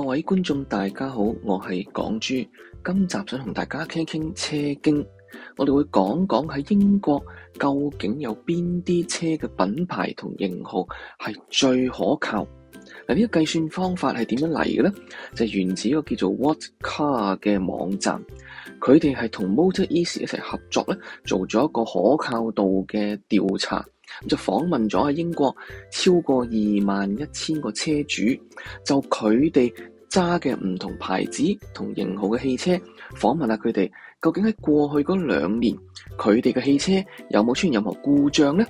各位觀眾大家好，我係港豬，今集想同大家傾傾車經，我哋會講講喺英國究竟有邊啲車嘅品牌同型號係最可靠。嗱，呢、這個計算方法係點樣嚟嘅咧？就係、是、源自一個叫做 What Car 嘅網站，佢哋係同 Motor Ease 一齊合作咧，做咗一個可靠度嘅調查。就訪問咗喺英國超過二萬一千個車主，就佢哋揸嘅唔同牌子同型號嘅汽車，訪問下佢哋究竟喺過去嗰兩年，佢哋嘅汽車有冇出現任何故障呢？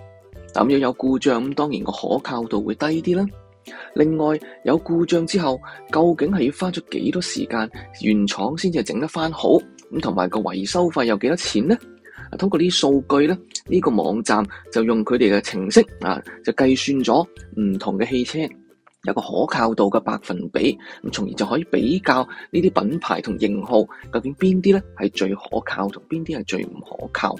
咁要有故障，當然個可靠度會低啲啦。另外有故障之後，究竟係要花咗幾多時間，原廠先至整得翻好？咁同埋個維修費有幾多錢呢？啊！通過呢啲數據咧，呢個網站就用佢哋嘅程式啊，就計算咗唔同嘅汽車有一個可靠度嘅百分比，咁從而就可以比較呢啲品牌同型號究竟邊啲咧，係最可靠，同邊啲係最唔可靠。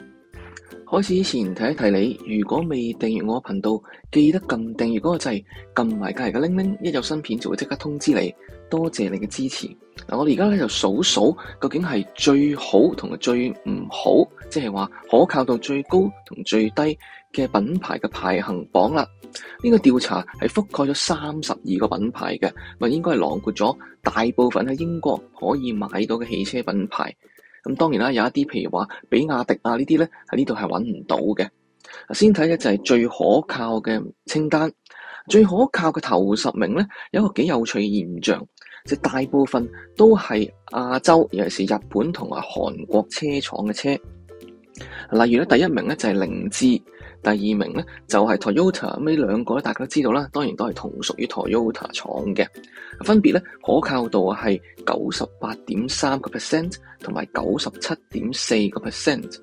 開始之前提一提你，如果未訂閱我頻道，記得撳訂閱嗰個掣，撳埋隔籬嘅鈴鈴，一有新片就會即刻通知你。多謝你嘅支持。嗱，我哋而家咧就數數究竟係最好同最唔好，即係話可靠度最高同最低嘅品牌嘅排行榜啦。呢個調查係覆蓋咗三十二個品牌嘅，咪應該係囊括咗大部分喺英國可以買到嘅汽車品牌。咁當然啦，有一啲譬如話，比亞迪啊呢啲咧喺呢度係揾唔到嘅。先睇咧就係最可靠嘅清單，最可靠嘅頭十名咧，有一個幾有趣嘅現象，即、就係、大部分都係亞洲，尤其是日本同埋韓國車廠嘅車。例如咧，第一名咧就係凌志。G, 第二名咧就係 Toyota，呢兩個咧大家都知道啦，當然都係同屬於 Toyota 廠嘅，分別咧可靠度係九十八點三個 percent 同埋九十七點四個 percent，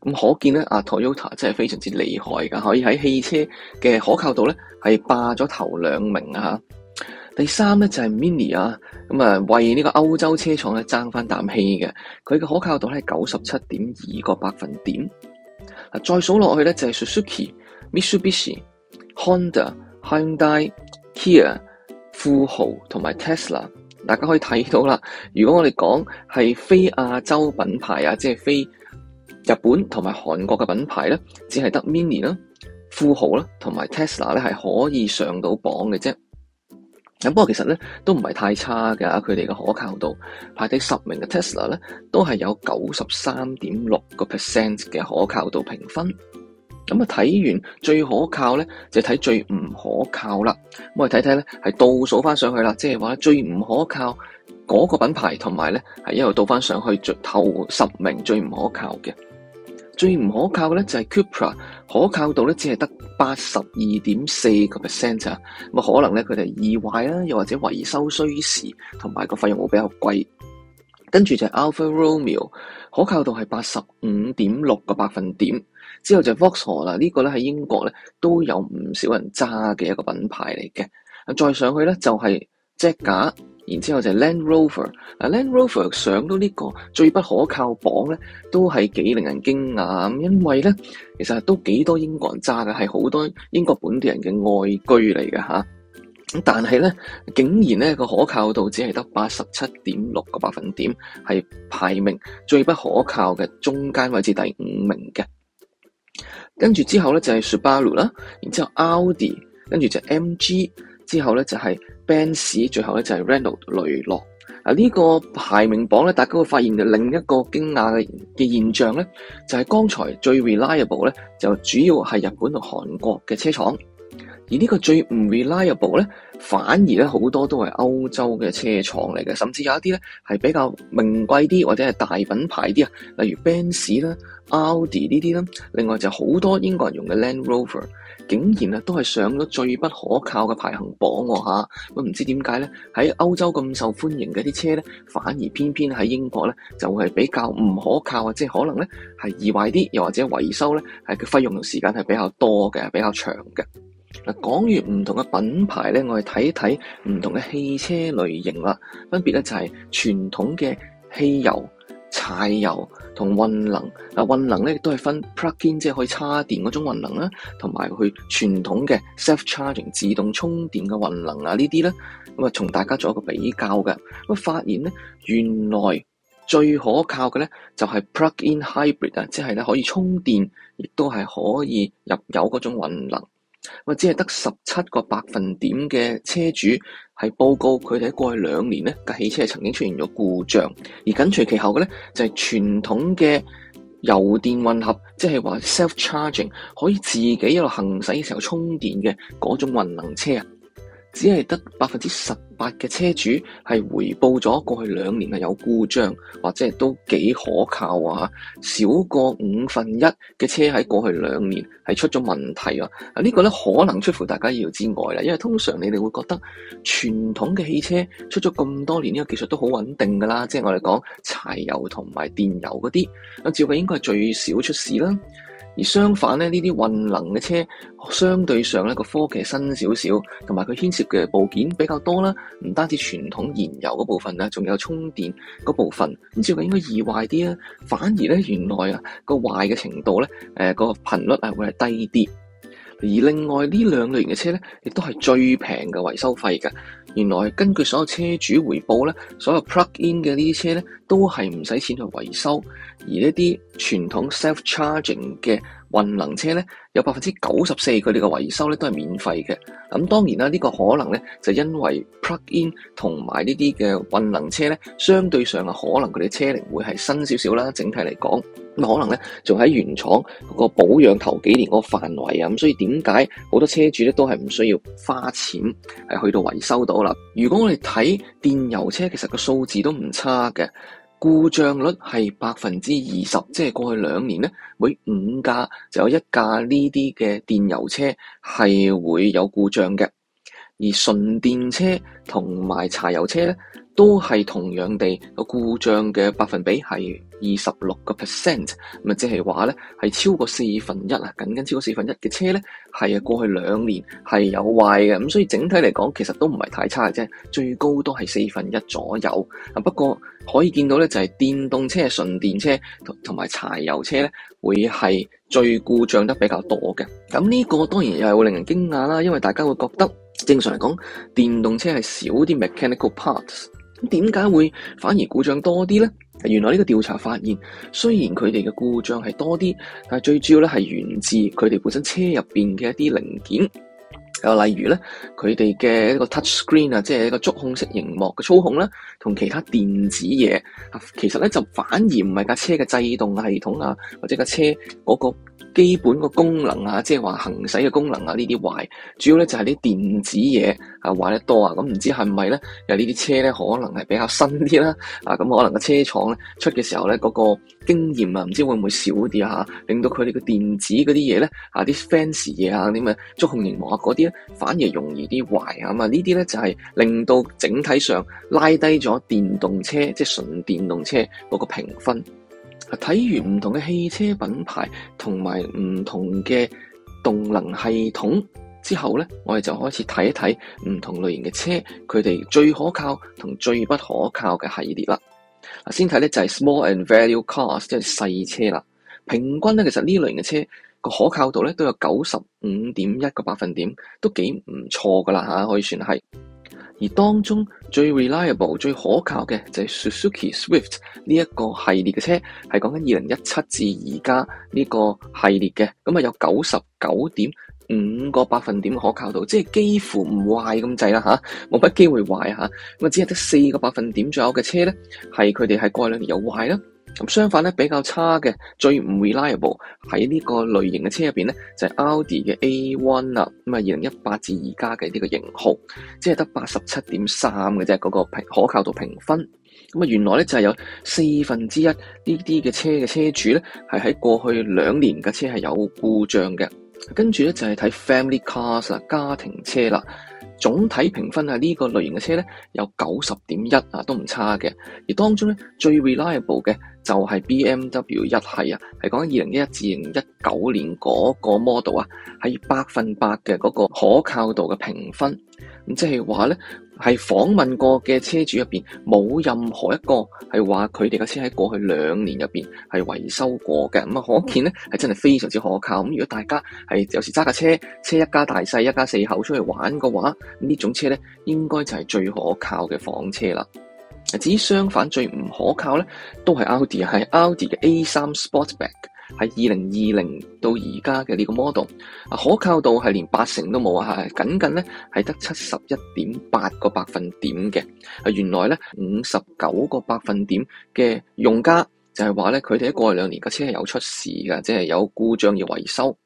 咁可見咧啊 Toyota 真係非常之厲害噶，可以喺汽車嘅可靠度咧係霸咗頭兩名啊，第三咧就係 Mini 啊，咁啊為呢個歐洲車廠咧爭翻啖氣嘅，佢嘅可靠度咧係九十七點二個百分點。再數落去咧就係 Suzuki、Mitsubishi、Honda、Hyundai、Kia、富豪同埋 Tesla，大家可以睇到啦。如果我哋講係非亞洲品牌啊，即係非日本同埋韓國嘅品牌咧，只係得 Mini 啦、富豪啦同埋 Tesla 咧係可以上到榜嘅啫。咁不過其實咧都唔係太差㗎，佢哋嘅可靠度排第十名嘅 Tesla 咧，都係有九十三點六個 percent 嘅可靠度評分。咁啊睇完最可靠咧，就睇最唔可靠啦。咁我哋睇睇咧，係倒數翻上去啦，即係話最唔可靠嗰個品牌，同埋咧係一路倒翻上去最頭十名最唔可靠嘅。最唔可靠嘅咧就係 Cupra 可靠度咧只係得八十二點四個 percent 啊，咁啊可能咧佢哋易壞，啦，又或者維修需時，同埋個費用會比較貴。跟住就 Alfa Romeo 可靠度係八十五點六個百分點之後就 Vauxhall 啦，呢、這個咧喺英國咧都有唔少人揸嘅一個品牌嚟嘅。再上去咧就係、是。只架，然之後就係 Land Rover。啊，Land Rover 上到呢個最不可靠榜咧，都係幾令人驚訝。因為咧，其實都幾多英國人揸嘅，係好多英國本地人嘅愛居嚟嘅嚇。咁但係咧，竟然咧個可靠度只係得八十七點六個百分點，係排名最不可靠嘅中間位置第五名嘅。跟住之後咧就係 Subaru 啦，然之後 Audi，跟住就 MG，之後咧就係。Benz，最後咧就係 Renault 雷諾啊。呢個排名榜咧，大家會發現另一個驚訝嘅嘅現象咧，就係、是、剛才最 reliable 咧就主要係日本同韓國嘅車廠而呢個最唔 reliable 咧，反而咧好多都係歐洲嘅車廠嚟嘅，甚至有一啲咧係比較名貴啲或者係大品牌啲啊，例如 Benz 啦、Audi 呢啲啦。另外就好多英國人用嘅 Land Rover，竟然啊都係上咗最不可靠嘅排行榜喎嚇。咁唔知點解咧，喺歐洲咁受歡迎嘅啲車咧，反而偏偏喺英國咧就係比較唔可靠啊，即係可能咧係易壞啲，又或者維修咧嘅費用同時間係比較多嘅，比較長嘅。嗱，講完唔同嘅品牌咧，我哋睇一睇唔同嘅汽車類型啦。分別咧就係傳統嘅汽油、柴油同混能。嗱，混能咧亦都係分 plug in，即係可以插電嗰種混能啦，同埋去傳統嘅 self charging 自動充電嘅混能啊。呢啲咧咁啊，同大家做一個比較嘅咁，發現咧原來最可靠嘅咧就係 plug in hybrid 啊，即係咧可以充電，亦都係可以入油嗰種混能。或者係得十七個百分點嘅車主係報告佢哋喺過去兩年咧架汽車曾經出現咗故障，而緊隨其後嘅咧就係傳統嘅油電混合，即係話 self charging 可以自己一路行駛嘅時候充電嘅嗰種混能車。只係得百分之十八嘅車主係回報咗過去兩年係有故障，或者都幾可靠啊，少過五分一嘅車喺過去兩年係出咗問題啊！呢個呢，可能出乎大家意料之外啦，因為通常你哋會覺得傳統嘅汽車出咗咁多年，呢個技術都好穩定噶啦，即係我哋講柴油同埋電油嗰啲，咁照計應該係最少出事啦。而相反咧，呢啲混能嘅車，相對上咧，個科技新少少，同埋佢牽涉嘅部件比較多啦，唔單止傳統燃油嗰部分啊，仲有充電嗰部分，咁所以應該易壞啲啊。反而咧，原來啊，個壞嘅程度咧，誒，個頻率係會係低啲。而另外呢兩類型嘅車咧，亦都係最平嘅維修費㗎。原來根據所有車主回報咧，所有 plug in 嘅呢啲車咧，都係唔使錢去維修，而呢啲傳統 self charging 嘅 Char 混能車咧有百分之九十四佢哋嘅維修咧都係免費嘅，咁當然啦，呢個可能咧就因為 plug in 同埋呢啲嘅混能車咧，相對上啊可能佢哋車齡會係新少少啦，整體嚟講，咁可能咧仲喺原廠個保養頭幾年嗰個範圍啊，咁所以點解好多車主咧都係唔需要花錢係去到維修到啦。如果我哋睇電油車，其實個數字都唔差嘅。故障率係百分之二十，即係過去兩年咧，每五架就有一架呢啲嘅電油車係會有故障嘅，而純電車同埋柴油車咧。都係同樣地，個故障嘅百分比係二十六個 percent，咁啊即係話咧係超過四分一啊，僅僅超過四分一嘅車咧係啊過去兩年係有壞嘅，咁所以整體嚟講其實都唔係太差嘅啫，最高都係四分一左右。啊不過可以見到咧就係電動車、純電車同同埋柴油車咧會係最故障得比較多嘅。咁、這、呢個當然又係會令人驚訝啦，因為大家會覺得正常嚟講電動車係少啲 mechanical parts。咁點解會反而故障多啲咧？原來呢個調查發現，雖然佢哋嘅故障係多啲，但係最主要咧係源自佢哋本身車入邊嘅一啲零件。又例如咧，佢哋嘅一個 touch screen 啊，即係一個觸控式熒幕嘅操控咧，同其他電子嘢啊，其實咧就反而唔係架車嘅制動系統啊，或者架車嗰個基本個功能啊，即係話行駛嘅功能啊，呢啲壞主要咧就係、是、啲電子嘢啊壞得多啊。咁唔知係唔係咧？有呢啲車咧可能係比較新啲啦、啊，啊咁可能個車廠咧出嘅時候咧、嗰個經驗啊，唔知會唔會少啲啊，令到佢哋嘅電子嗰啲嘢咧啊啲 fancy 嘢啊啲咩觸控熒幕啊嗰啲。反而容易啲壞啊嘛！呢啲咧就係令到整體上拉低咗電動車，即係純電動車嗰個評分。睇完唔同嘅汽車品牌同埋唔同嘅動能系統之後咧，我哋就開始睇一睇唔同類型嘅車，佢哋最可靠同最不可靠嘅系列啦。嗱，先睇咧就係 small and value cars，即係細車啦。平均咧，其實呢類型嘅車。個可靠度咧都有九十五點一個百分點，都幾唔錯噶啦吓，可以算係。而當中最 reliable、最可靠嘅就係 Suzuki Swift 呢一個系列嘅車，係講緊二零一七至而家呢個系列嘅，咁啊有九十九點五個百分點嘅可靠度，即係幾乎唔壞咁滯啦吓，冇乜機會壞吓。咁啊，只係得四個百分點左右嘅車咧，係佢哋喺過去兩年有壞啦。咁相反咧，比較差嘅最唔 reliable 喺呢個類型嘅車入邊咧，就係 Audi 嘅 A1 啦。咁啊，二零一八至而家嘅呢個型號，即係得八十七點三嘅啫，嗰個可靠度評分。咁啊，原來咧就係有四分之一呢啲嘅車嘅車主咧，係喺過去兩年嘅車係有故障嘅。跟住咧就係睇 Family Cars 啦，家庭車啦，總體評分係呢個類型嘅車咧有九十點一啊，都唔差嘅。而當中咧最 reliable 嘅就 BM 係 BMW 一系啊，係講二零一一至二零一九年嗰個 model 啊，係百分百嘅嗰個可靠度嘅評分。咁即係話咧。係訪問過嘅車主入邊，冇任何一個係話佢哋嘅車喺過去兩年入面係維修過嘅，咁啊，可見咧係真係非常之可靠。咁如果大家係有時揸架車，車一家大細、一家四口出去玩嘅話，呢種車咧應該就係最可靠嘅房車啦。至於相反最唔可靠咧，都係 Audi，係 Audi 嘅 A3 Sportback。係二零二零到而家嘅呢個 model，啊可靠度係連八成都冇啊，係僅僅咧係得七十一點八個百分點嘅。啊原來咧五十九個百分點嘅用家就係話咧佢哋喺過去兩年架車係有出事㗎，即係有故障要維修。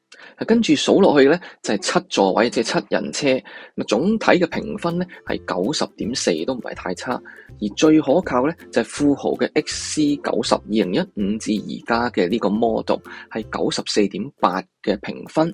跟住數落去呢，就係七座位即係、就是、七人車，咁總體嘅評分呢，係九十點四，都唔係太差，而最可靠呢，就係富豪嘅 XC 九十二零一五至而家嘅呢個 model 係九十四點八嘅評分，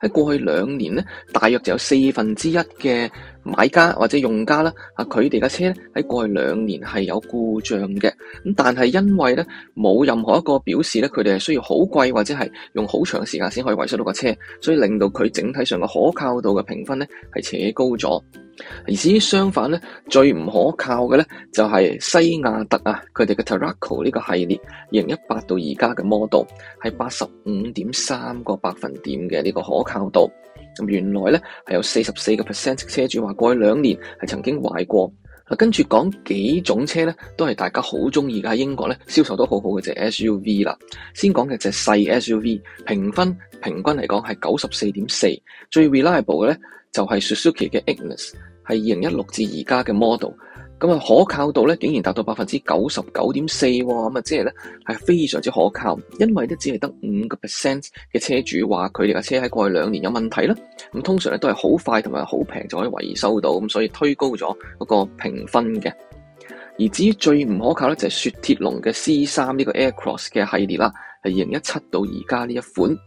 喺過去兩年呢，大約就有四分之一嘅。買家或者用家咧，啊佢哋嘅車喺過去兩年係有故障嘅，咁但係因為咧冇任何一個表示咧，佢哋係需要好貴或者係用好長時間先可以維修到個車，所以令到佢整體上嘅可靠度嘅評分咧係扯高咗。而至於相反咧，最唔可靠嘅咧就係西亞特啊，佢哋嘅 Tarraco 呢個系列，二零一八到而家嘅 model 係八十五點三個百分點嘅呢個可靠度。咁原來咧係有四十四個 percent 車主話過去兩年係曾經壞過。嗱，跟住講幾種車咧，都係大家好中意嘅，喺英國咧銷售都好好嘅就係 SUV 啦。先講嘅隻細 SUV，評分平均嚟講係九十四點四，最 reliable 嘅咧就係、是、Suzuki 嘅 Ignis，係二零一六至而家嘅 model。咁啊，可靠度咧竟然達到百分之九十九點四，咁啊，即係咧係非常之可靠，因為咧只係得五個 percent 嘅車主話佢哋架車喺過去兩年有問題啦。咁通常咧都係好快同埋好平就可以維修到，咁所以推高咗嗰個評分嘅。而至於最唔可靠咧就係、是、雪鐵龍嘅 C 三呢個 AirCross 嘅系列啦，係二零一七到而家呢一款。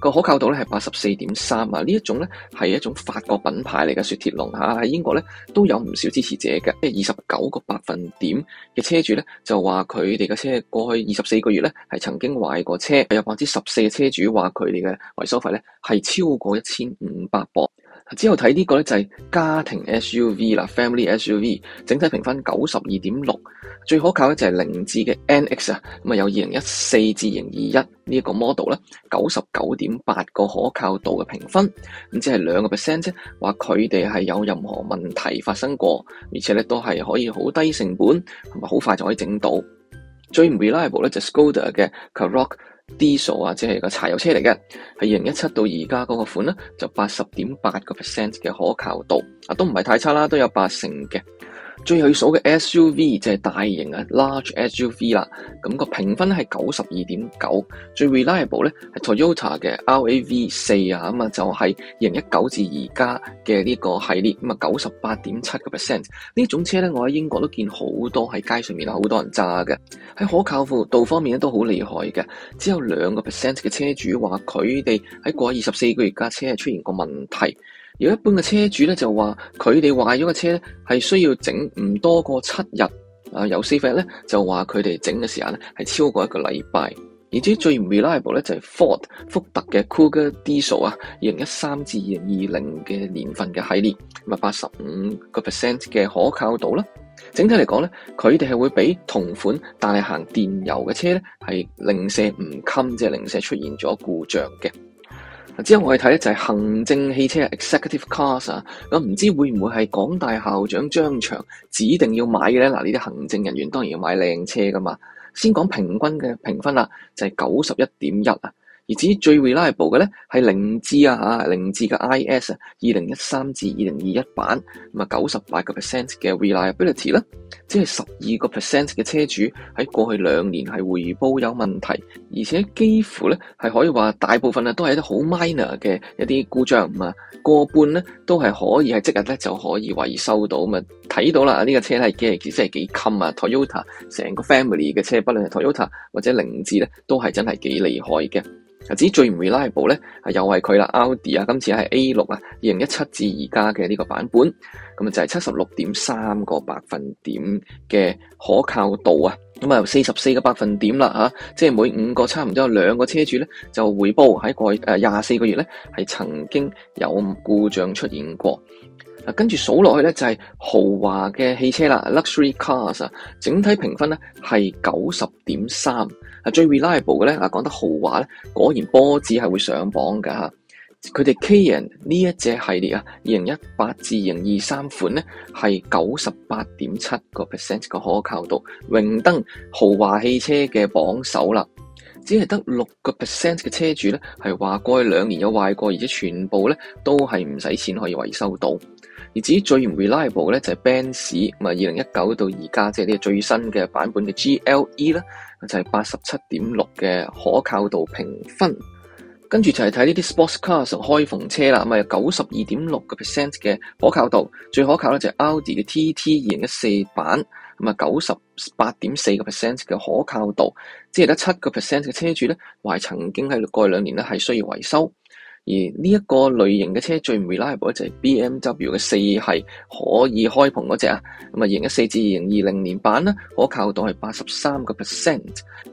個可靠度咧係八十四點三啊！呢一種咧係一種法國品牌嚟嘅，雪鐵龍嚇，喺英國咧都有唔少支持者嘅，即係二十九個百分點嘅車主咧就話佢哋嘅車過去二十四個月咧係曾經壞過車，有百分之十四嘅車主話佢哋嘅維修費咧係超過一千五百鎊。之後睇呢個咧就係家庭 SUV 啦，Family SUV 整體評分九十二點六，最可靠咧就係凌志嘅 NX 啊，咁啊有二零一四至二零二一呢一個 model 咧，九十九點八個可靠度嘅評分，咁即係兩個 percent 啫，話佢哋係有任何問題發生過，而且咧都係可以好低成本同埋好快就可以整到，最唔 reliable 咧就係 Skoda 嘅 Karoq。Diesel 啊，即係個柴油車嚟嘅，係二零一七到而家嗰個款咧，就八十點八個 percent 嘅可靠度，啊都唔係太差啦，都有八成嘅。最後要數嘅 SUV 就係大型啊 Large SUV 啦，咁個評分係九十二點九，最 reliable 咧，係 Toyota 嘅 RAV 四啊，咁啊就係二零一九至而家嘅呢個系列，咁啊九十八點七個 percent，呢種車咧，我喺英國都見好多喺街上面好多人揸嘅，喺可靠度方面咧，都好厲害嘅，只有兩個 percent 嘅車主話佢哋喺過二十四個月架車係出現過問題。如果一般嘅車主咧，就話佢哋壞咗嘅車咧，係需要整唔多過七日啊。有四份咧，就話佢哋整嘅時間咧係超過一個禮拜。而且最唔 reliable 咧就係 Ford 福特嘅 Cougar Diesel 啊，二零一三至二零二零嘅年份嘅系列，咁啊八十五個 percent 嘅可靠度啦。整體嚟講咧，佢哋係會比同款但係行電油嘅車咧係零舍唔襟，即係零舍出現咗故障嘅。之後我哋睇咧就係行政汽車 Executive Cars 啊，咁唔知會唔會係港大校長張翔指定要買嘅咧？嗱，呢啲行政人員當然要買靚車噶嘛。先講平均嘅評分啦，就係九十一點一啊。而至於最 reliable 嘅咧，係凌志啊嚇，凌志嘅 IS 啊，二零一三至二零二一版，咁啊九十八個 percent 嘅 reliability 啦，即係十二個 percent 嘅車主喺過去兩年係回報有問題，而且幾乎咧係可以話大部分啊都係一啲好 minor 嘅一啲故障啊，過半咧都係可以係即日咧就可以維修到啊嘛，睇到啦啊呢個車係幾即係幾襟啊，Toyota 成個 family 嘅車，不論係 Toyota 或者凌志咧，都係真係幾厲害嘅。至於最唔 reliable 咧，又係佢啦，Audi 啊，i, 今次係 A 六啊，二零一七至而家嘅呢個版本，咁啊就係七十六點三個百分點嘅可靠度啊，咁啊四十四個百分點啦、啊、即係每五個差唔多有兩個車主咧就回報喺過去誒廿四個月咧係曾經有故障出現過。跟住數落去咧，就係豪華嘅汽車啦，luxury cars 啊，整體評分咧係九十點三。啊，最 reliable 嘅咧，啊講得豪華咧，果然波子係會上榜㗎吓。佢哋 K a n 呢一隻系列啊，二零一八至二零二三款咧係九十八點七個 percent 嘅可靠度，榮登豪華汽車嘅榜首啦。只係得六個 percent 嘅車主咧係話過去兩年有壞過，而且全部咧都係唔使錢可以維修到。而至於最唔 reliable 咧就係 Benz，咁啊二零一九到而家即係呢個最新嘅版本嘅 GLE 咧就係八十七點六嘅可靠度評分，跟住就係睇呢啲 sports cars 開篷車啦，咁啊九十二點六個 percent 嘅可靠度，最可靠咧就係 Audi 嘅 TT 二零一四版，咁啊九十八點四個 percent 嘅可靠度，即係得七個 percent 嘅車主咧，話曾經喺過去兩年咧係需要維修。而呢一個類型嘅車最唔 reliable 就係 BMW 嘅四係可以開篷嗰隻啊，咁啊二零一四至二零二零年版咧，可靠度係八十三個 percent，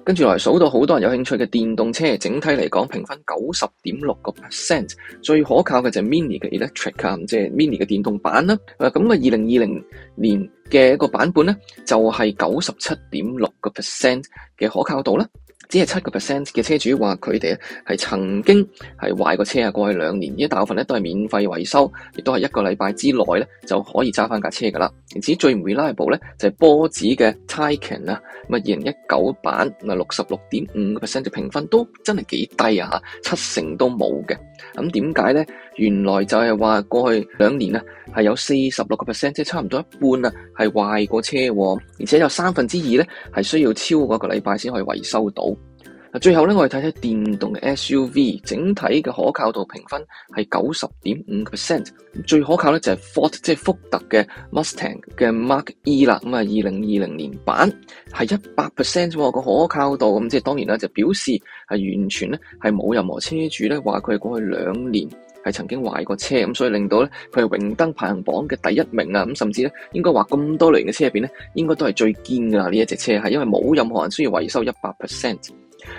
跟住嚟數到好多人有興趣嘅電動車整體嚟講評分九十點六個 percent，最可靠嘅就係 Mini 嘅 Electric，即係 Mini 嘅電動版啦，咁啊二零二零年嘅一個版本呢，就係九十七點六個 percent 嘅可靠度啦。只係七個 percent 嘅車主話佢哋咧係曾經係壞過車啊，過去兩年，一大部分咧都係免費維修，亦都係一個禮拜之內咧就可以揸翻架車噶啦。而最唔 reliable 咧就係波子嘅 Taycan 啊，咁啊二零一九版啊六十六點五個 percent 嘅評分都真係幾低啊，七成都冇嘅。咁點解咧？原來就係話過去兩年啊，係有四十六個 percent，即係差唔多一半啊，係壞過車喎，而且有三分之二咧係需要超過一個禮拜先可以維修到。最後咧，我哋睇睇電動嘅 SUV 整體嘅可靠度評分係九十點五 percent，最可靠咧就係福特即係福特嘅 Mustang 嘅 Mach-E 啦，咁啊二零二零年版係一百 percent 喎個可靠度，咁即係當然啦，就表示係完全咧係冇任何車主咧話佢係過去兩年。係曾經壞過車咁，所以令到咧佢係榮登排行榜嘅第一名啊！咁甚至咧應該話咁多類型嘅車入邊咧，應該都係最堅㗎喇，呢一隻車，係因為冇任何人需要維修一百 percent。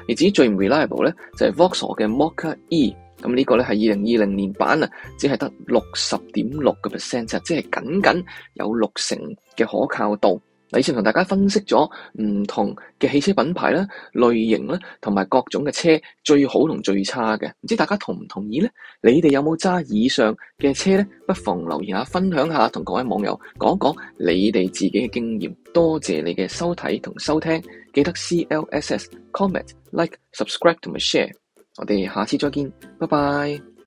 而至於最唔 reliable 咧，就係 Vauxhall 嘅 Mokka-e，咁呢個咧係二零二零年版啊，只係得六十點六個 percent，即係僅僅有六成嘅可靠度。李 s i 同大家分析咗唔同嘅汽車品牌啦、類型啦同埋各種嘅車最好同最差嘅，唔知大家同唔同意呢？你哋有冇揸以上嘅車呢？不妨留言下，分享下同各位網友講講你哋自己嘅經驗。多謝你嘅收睇同收聽，記得 C L S S Comment Like Subscribe 同埋 Share。我哋下次再見，拜拜。